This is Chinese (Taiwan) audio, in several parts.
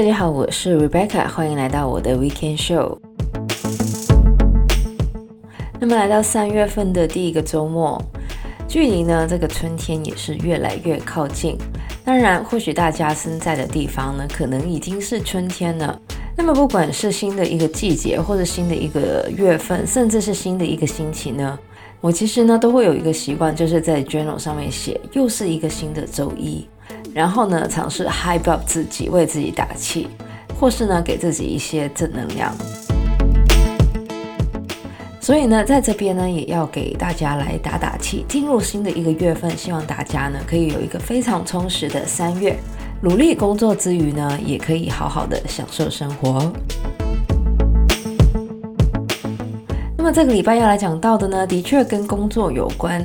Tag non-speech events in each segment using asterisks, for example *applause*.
大家好，我是 Rebecca，歡迎來到我的 Weekend Show。那麼來到三月份的第一個週末，距離呢這個春天也是越來越靠近。當然，或許大家身在的地方呢，可能已經是春天了。那麼不管是新的一個季節，或者新的一個月份，甚至是新的一個星期呢，我其實呢都會有一個習慣，就是在 Journal 上面寫，又是一個新的週一。然後呢，嘗試 hype up 自己，為自己打氣，或是呢，給自己一些正能量。所以呢，在這邊呢，也要給大家來打打氣。進入新的一個月份，希望大家呢，可以有一個非常充實的三月。努力工作之餘呢，也可以好好的享受生活。那麼這個禮拜要來講到的呢，的確跟工作有關。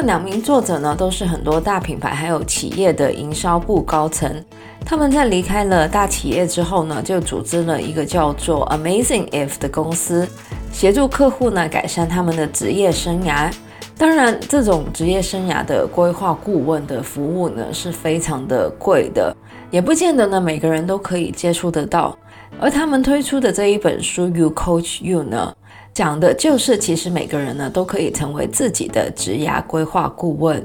這兩名作者呢，都是很多大品牌還有企業的營銷部高層。他們在離開了大企業之後呢，就組織了一個叫做 Amazing If 的公司，協助客戶呢，改善他們的職業生涯。當然，這種職業生涯的規劃顧問的服務呢，是非常的貴的，也不見得呢每個人都可以接觸得到。而他們推出的這一本書《You Coach You》呢，講的就是，其實每個人呢都可以成為自己的職涯規劃顧問。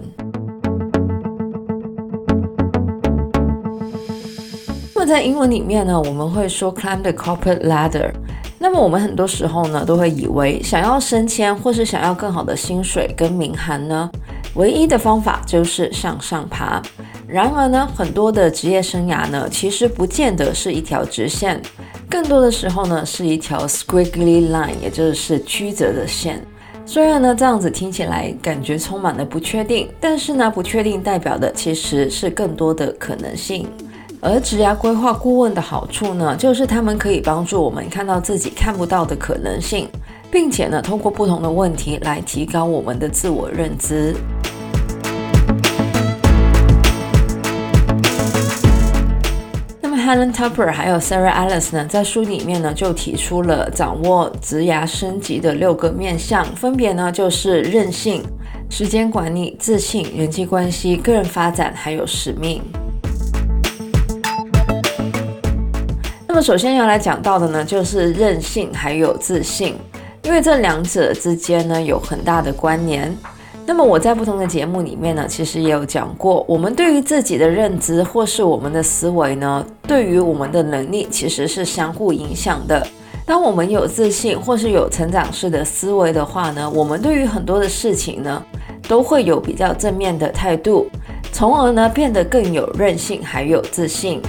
那在英文裡面呢，我們會說 climb the corporate ladder。那麼我們很多時候呢，都會以為想要升遷或是想要更好的薪水跟名銜呢，唯一的方法就是向上爬。然而呢，很多的職業生涯呢，其實不見得是一條直線。更多的時候呢，是一條 squiggly line，也就是曲折的線。雖然呢，這樣子聽起來感覺充滿了不確定，但是呢，不確定代表的其實是更多的可能性。而職涯規劃顧問的好處呢，就是他們可以幫助我們看到自己看不到的可能性，並且呢，通過不同的問題來提高我們的自我認知。Helen Tupper 還有 Sarah Ellis 呢，在書裡面呢就提出了掌握職涯升級的六個面向，分別呢就是韌性、時間管理、自信、人際關係、個人發展還有使命。 *music* 那麼首先要來講到的呢就是韌性還有自信，因為這兩者之間呢有很大的關聯。那麼我在不同的節目裡面呢，其實也有講過，我們對於自己的認知或是我們的思維呢，對於我們的能力其實是相互影響的。當我們有自信或是有成長式的思維的話呢，我們對於很多的事情呢，都會有比較正面的態度，從而呢變得更有韌性，還有自信。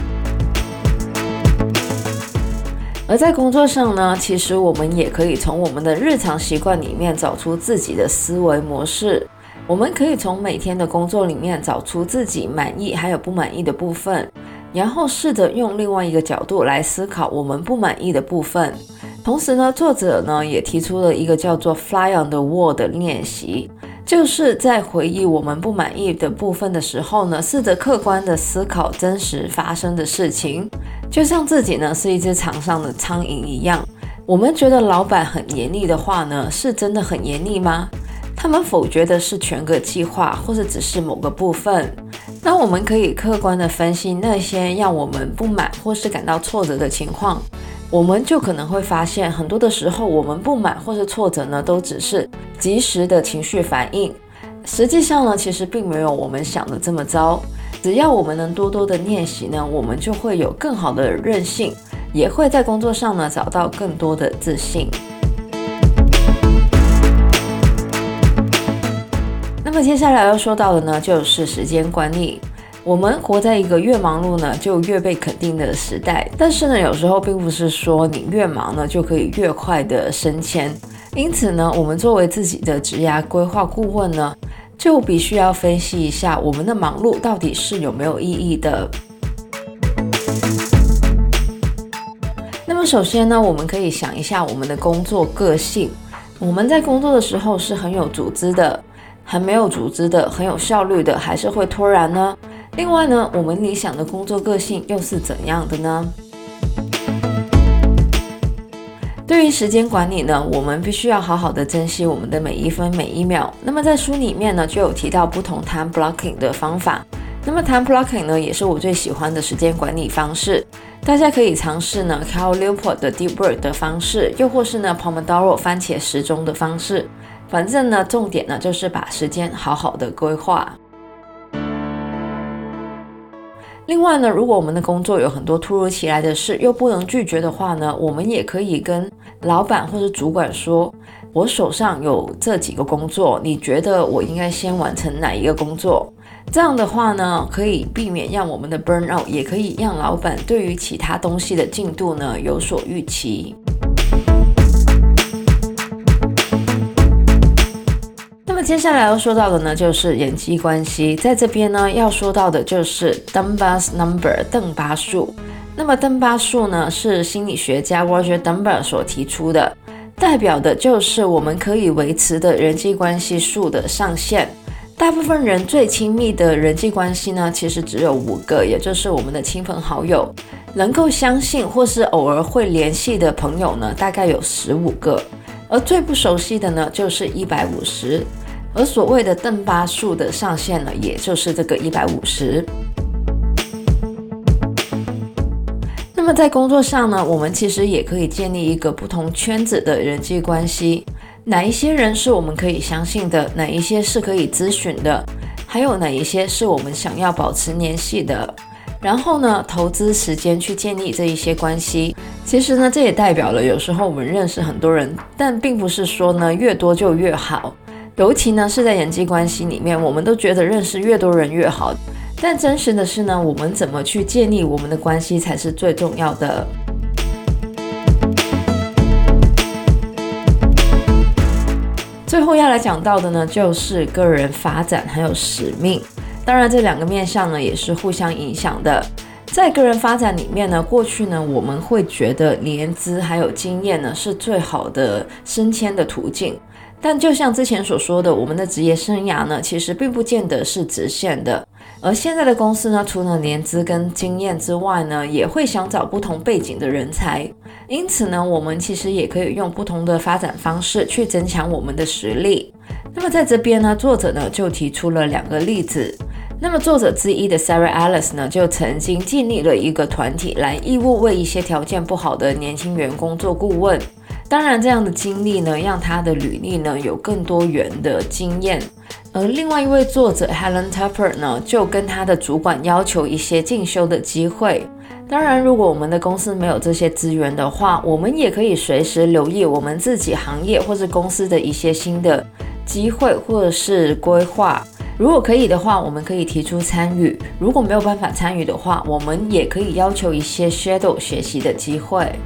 而在工作上呢，其實我們也可以從我們的日常習慣裡面找出自己的思維模式。我們可以從每天的工作裡面找出自己滿意還有不滿意的部分，然後試着用另外一個角度來思考我們不滿意的部分。同時呢，作者呢也提出了一個叫做 Fly on the Wall 的練習，就是在回憶我們不滿意的部分的時候呢，試着客觀地思考真實發生的事情。就像自己呢是一只牆上的蒼蠅一樣，我們覺得老板很嚴厲的話呢，是真的很嚴厲嗎？他們否決的是全個計劃，或者只是某個部分？那我們可以客觀地分析那些讓我們不滿或是感到挫折的情況，我們就可能會發現，很多的時候我們不滿或是挫折呢，都只是即時的情緒反應，實際上呢，其實並沒有我們想得這麼糟。只要我們能多多的練習呢，我們就會有更好的韌性，也會在工作上呢找到更多的自信。那麼接下來要說到的呢，就是時間管理。我們活在一個越忙碌呢就越被肯定的時代，但是呢，有時候並不是說你越忙呢就可以越快的升遷。因此呢，我們作為自己的職涯規劃顧問呢，就必須要分析一下我們的忙碌到底是有沒有意義的。那麼，首先呢，我們可以想一下我們的工作個性：我們在工作的時候是很有組織的，很沒有組織的，很有效率的，還是會拖延呢？另外呢，我們理想的工作個性又是怎樣的呢？對於時間管理呢，我們必須要好好的珍惜我們的每一分每一秒。那麼在書裡面呢，就有提到不同 time blocking 的方法。那麼 time blocking 呢，也是我最喜歡的時間管理方式。大家可以嘗試呢 Cal Newport 的 Deep Work 的方式，又或是呢 Pomodoro 番茄時鐘的方式。反正呢，重點呢就是把時間好好的規劃。另外呢，如果我們的工作有很多突如其來的事，又不能拒絕的話呢，我們也可以跟老闆或者主管說：“我手上有這幾個工作，你覺得我應該先完成哪一個工作？”這樣的話呢，可以避免讓我們的 burn out，也可以讓老闆對於其他東西的進度呢有所預期。接下來要說到的呢，就是人際關係。在這邊呢，要說到的就是 Dunbar's Number（ 鄧巴數）。那麼鄧巴數呢，是心理學家 Roger Dunbar 所提出的，代表的就是我們可以維持的人際關係數的上限。大部分人最親密的人際關係呢，其實只有五個，也就是我們的親朋好友。能夠相信或是偶爾會聯繫的朋友呢，大概有十五個，而最不熟悉的呢，就是一百五十。而所謂的鄧巴數的上限呢，也就是這個一百五十。那麼在工作上呢，我們其實也可以建立一個不同圈子的人際關係。哪一些人是我們可以相信的？哪一些是可以諮詢的？還有哪一些是我們想要保持聯繫的？然後呢，投資時間去建立這一些關係。其實呢，這也代表了有時候我們認識很多人，但並不是說呢，越多就越好。尤其呢，是在人際關係裡面，我們都覺得認識越多人越好。但真實的是呢，我們怎麼去建立我們的關係才是最重要的。最後要來講到的呢，就是個人發展還有使命。當然，這兩個面向呢，也是互相影響的。在個人發展裡面呢，過去呢，我們會覺得年資還有經驗呢，是最好的升遷的途徑。但就像之前所說的，我們的職業生涯呢，其實並不見得是直線的。而現在的公司呢，除了年資跟經驗之外呢，也會想找不同背景的人才。因此呢，我們其實也可以用不同的發展方式去增強我們的實力。那麼在這邊呢，作者呢就提出了兩個例子。那麼作者之一的 Sarah Ellis 呢，就曾經建立了一個團體，來義務為一些條件不好的年輕員工做顧問。當然，這樣的經歷呢，讓他的履歷呢有更多元的經驗。而另外一位作者 Helen Tupper 呢，就跟他的主管要求一些進修的機會。當然，如果我們的公司沒有這些資源的話，我們也可以隨時留意我們自己行業或是公司的一些新的機會或者是規劃。如果可以的話，我們可以提出參與；如果沒有辦法參與的話，我們也可以要求一些 shadow 學習的機會。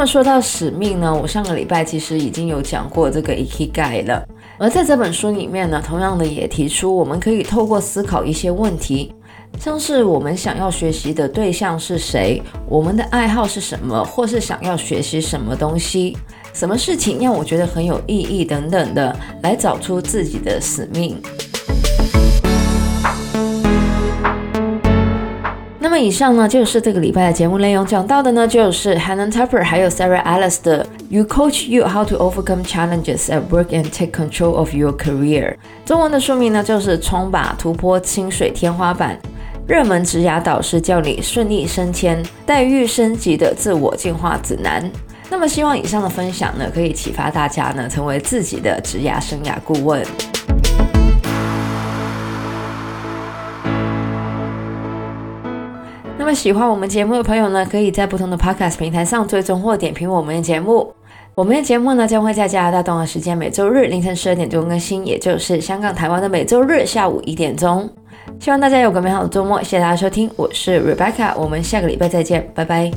那麼說到使命呢，我上個禮拜其實已經有講過這個 ikigai 了，而在這本書裡面呢，同樣的也提出，我們可以透過思考一些問題，像是我們想要學習的對象是誰，我們的愛好是什麼，或是想要學習什麼東西，什麼事情讓我覺得很有意義等等的，來找出自己的使命。以上呢，就是這個禮拜的節目內容，講到的呢就是 Helen Tupper 還有 Sarah Ellis 的《You Coach You How to Overcome Challenges at Work and Take Control of Your Career》，中文的書名呢就是《衝吧突破薪水天花板》，熱門職涯導師教你順利升遷、待遇升級的自我進化指南。那麼希望以上的分享呢可以啟發大家呢成為自己的職涯生涯顧問。喜歡我們節目的朋友呢，可以在不同的 Podcast 平台上追蹤或點評我們的節目。我們的節目呢，將會在加拿大東岸時間每周日凌晨十二點鐘更新，也就是香港、台灣的每周日下午一點鐘。希望大家有個美好的周末，謝謝大家收聽，我是 Rebecca，我們下個禮拜再見，拜拜。